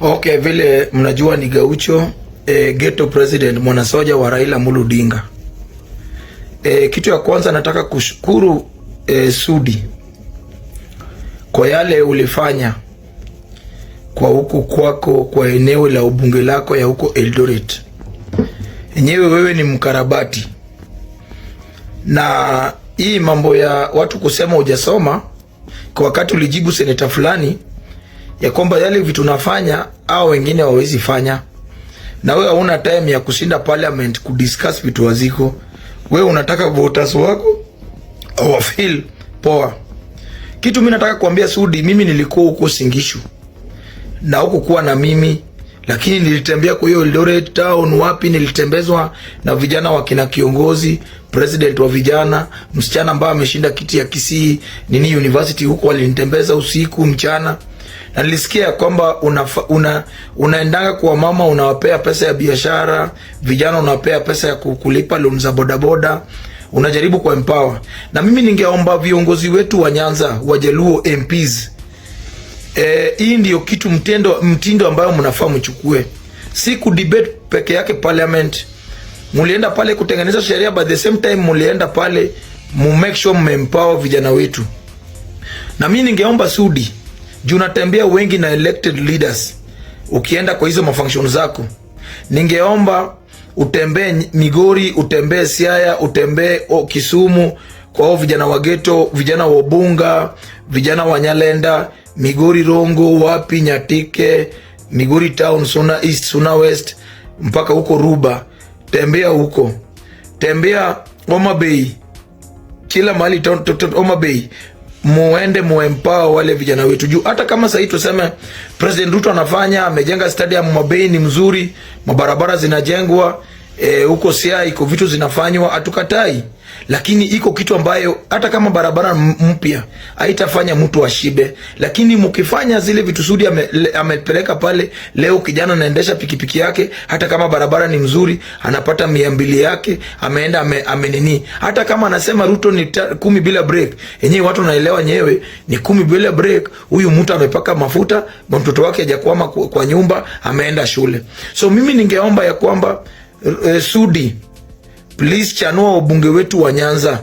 Okay, vile mnajua ni Gaucho eh, ghetto president mwanasoja wa Raila Amolo Odinga. Eh, kitu ya kwanza nataka kushukuru eh, Sudi kwa yale ulifanya kwa huku kwako kwa eneo la ubunge lako ya huko Eldoret. Enyewe wewe ni mkarabati, na hii mambo ya watu kusema hujasoma, kwa wakati ulijibu seneta fulani ya kwamba yale vitu nafanya au wengine hawawezi fanya, na wewe hauna time ya kushinda parliament kudiscuss vitu waziko. Wewe unataka voters wako au feel poa. Kitu mimi nataka kuambia Sudi, mimi nilikuwa huko Singishu na huko kuwa na mimi lakini nilitembea kwa hiyo Eldoret town, wapi nilitembezwa na vijana wa kina kiongozi, president wa vijana, msichana ambaye ameshinda kiti ya Kisii nini university huko, walinitembeza usiku mchana na nilisikia ya kwamba una, unaendanga kwa mama unawapea pesa ya biashara, vijana unawapea pesa ya kulipa loan za bodaboda, unajaribu kwa empower. Na mimi ningeomba viongozi wetu wa Nyanza, Wajaluo MPs, eh, hii ndio kitu mtendo, mtindo ambayo mnafaa mchukue, si ku debate peke yake parliament. Mulienda pale kutengeneza sheria, by the same time mulienda pale mu make sure mmempower vijana wetu, na mimi ningeomba Sudi juu natembea wengi na elected leaders. Ukienda kwa hizo mafunction zako, ningeomba utembee Migori, utembee Siaya, utembee Kisumu kwa hao vijana wa geto, vijana wa Bunga, vijana wa Nyalenda, Migori, Rongo, wapi, Nyatike, Migori town, Suna East, Suna West, mpaka huko Ruba. Tembea huko, tembea Homa Bay, kila mahali Homa Bay, muende muempao wale vijana wetu juu hata kama sahii tuseme President Ruto anafanya amejenga stadium, mabei ni mzuri, mabarabara zinajengwa E, huko e, sia iko vitu zinafanywa, hatukatai, lakini iko kitu ambayo hata kama barabara mpya haitafanya mtu ashibe, lakini mkifanya zile vitu Sudi amepeleka ame pale, leo kijana anaendesha pikipiki yake, hata kama barabara ni mzuri, anapata mia mbili yake, ameenda ame, ame nini. Hata kama anasema Ruto ni ta, kumi bila break, yenyewe watu wanaelewa nyewe ni kumi bila break. Huyu mtu amepaka mafuta, mtoto wake hajakwama kwa nyumba, ameenda shule. So mimi ningeomba ya kwamba e, Sudi, please chanua wabunge wetu wa Nyanza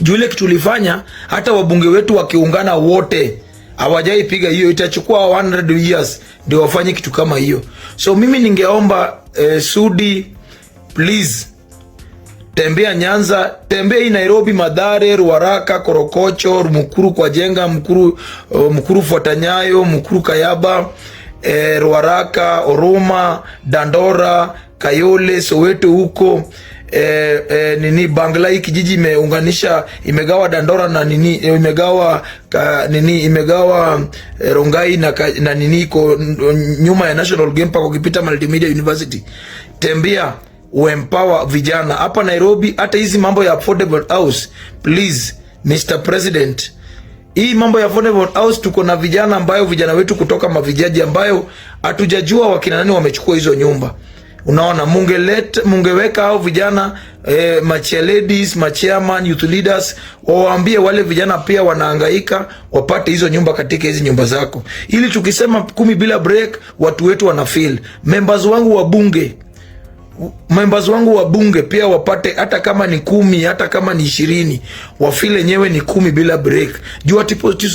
juu ile kitu ulifanya, hata wabunge wetu wakiungana wote hawajai piga hiyo, itachukua 100 years ndio wafanye kitu kama hiyo. So mimi ningeomba eh, Sudi please, tembea Nyanza, tembea hii Nairobi, Madhare, Ruaraka, Korokocho, Mukuru kwa jenga Mukuru, uh, Mukuru Fuatanyayo, Mukuru Kayaba, eh, Ruaraka, Oruma, Dandora Kayole, Soweto huko e, e, nini Bangla, hii kijiji imeunganisha imegawa Dandora na nini eh, imegawa ka, nini imegawa e, Rongai na, ka, na nini iko nyuma ya National Game Park ukipita Multimedia University. Tembea uempower vijana hapa Nairobi. Hata hizi mambo ya affordable house, please Mr President, hii mambo ya affordable house, tuko na vijana ambayo vijana wetu kutoka mavijaji ambayo hatujajua wakina nani wamechukua hizo nyumba. Unaona, mungeleta mungeweka hao vijana eh, machia ladies, machairman, youth leaders, wawaambie wale vijana pia wanahangaika wapate hizo nyumba katika hizi nyumba zako, ili tukisema kumi bila break watu wetu wanafeel. Members wangu wa bunge members wangu wa bunge pia wapate hata kama ni kumi hata kama ni ishirini wafile nyewe ni kumi bila break, juu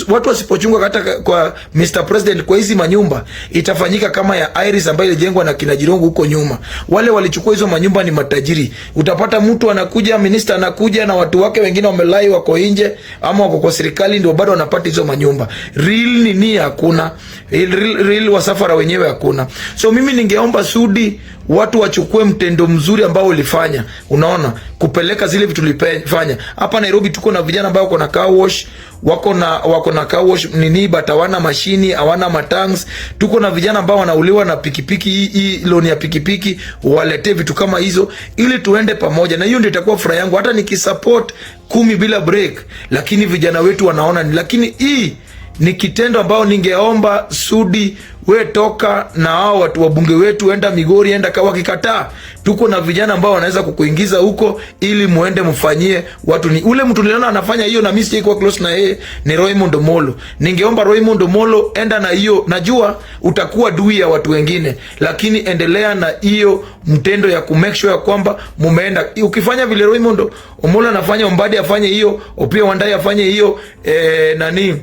watu wasipochungwa hata kwa Mr President kwa hizi manyumba itafanyika kama ya Iris ambayo ilijengwa na kina Jirongo huko nyuma. Wale walichukua hizo manyumba ni matajiri. Utapata mtu anakuja, minister anakuja na watu wake wengine wamelai, wako nje ama wako kwa serikali, ndio bado wanapata hizo manyumba. Real ni ni Hakuna real, real wasafara wenyewe hakuna. So mimi ningeomba Sudi watu wachukue mtendo mzuri ambao ulifanya, unaona, kupeleka zile vitu ulifanya hapa Nairobi. Tuko na vijana ambao wako na car wash, wako na wako na car wash nini, but hawana mashini, hawana matanks. Tuko na vijana ambao wanauliwa na pikipiki, hii loan ya pikipiki, waletee vitu kama hizo ili tuende pamoja, na hiyo ndio itakuwa furaha yangu, hata nikisupport kumi bila break, lakini vijana wetu wanaona, lakini hii ni kitendo ambao ningeomba Sudi, we toka na hao watu wabunge wetu, enda Migori, enda kawa kikataa. Tuko na vijana ambao wanaweza kukuingiza huko ili muende mfanyie watu. Ni ule mtu niliona anafanya hiyo, na mimi sijaikuwa close na yeye, ni Raymond Molo. Ningeomba Raymond Molo, enda na hiyo, najua utakuwa dui ya watu wengine, lakini endelea na hiyo mtendo ya ku make sure ya kwamba mumeenda. Ukifanya vile Raymond Molo anafanya, Ombadi afanye hiyo, Opia Wandai afanye hiyo, e, nani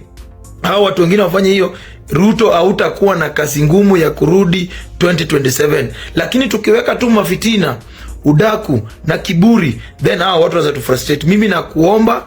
au watu wengine wafanye hiyo, Ruto hautakuwa na kasi ngumu ya kurudi 2027. Lakini tukiweka tu mafitina, udaku na kiburi, then hao watu waweza tufrustrate. Mimi nakuomba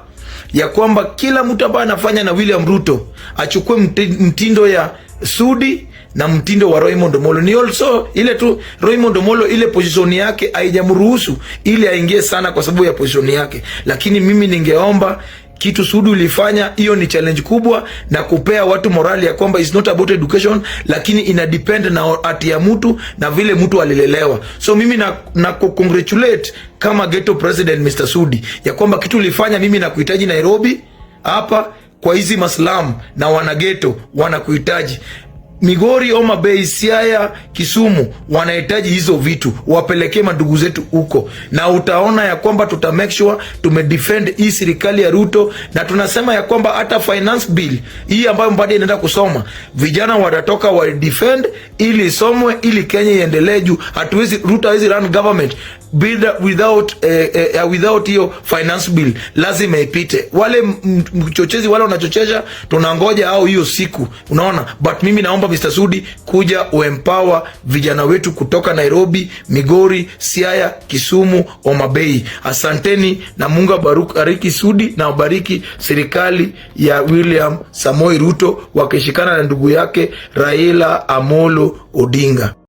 ya kwamba kila mtu ambaye anafanya na William Ruto achukue mtindo ya Sudi na mtindo wa Raymond Molo. Ni also ile tu Raymond Molo, ile position yake haijamruhusu ili aingie sana kwa sababu ya position yake. Lakini mimi ningeomba kitu Sudu ulifanya hiyo ni challenge kubwa, na kupea watu morali ya kwamba it's not about education, lakini ina depend na hati ya mtu na vile mtu alilelewa. So mimi na, na congratulate kama ghetto president Mr. Sudi ya kwamba kitu ulifanya, mimi nakuhitaji Nairobi hapa kwa hizi maslamu na wanageto wanakuhitaji. Migori, Homa Bay, Siaya, Kisumu wanahitaji hizo vitu, wapelekee mandugu zetu huko, na utaona ya kwamba tuta make sure tumedefend hii serikali ya Ruto, na tunasema ya kwamba hata finance bill hii ambayo mbadi inaenda kusoma, vijana watatoka wa defend ili isomwe, ili Kenya iendelee juu. Hatuwezi Ruto hawezi run government bila uh, without eh, eh, without hiyo finance bill lazima ipite. Wale mchochezi wale unachochesha, tunangoja au hiyo siku, unaona. But mimi naomba Mr. Sudi kuja uempower vijana wetu kutoka Nairobi, Migori, Siaya, Kisumu, Homa Bay. Asanteni na Mungu abariki Sudi na abariki serikali ya William Samoei Ruto wakishikana na ndugu yake Raila Amolo Odinga.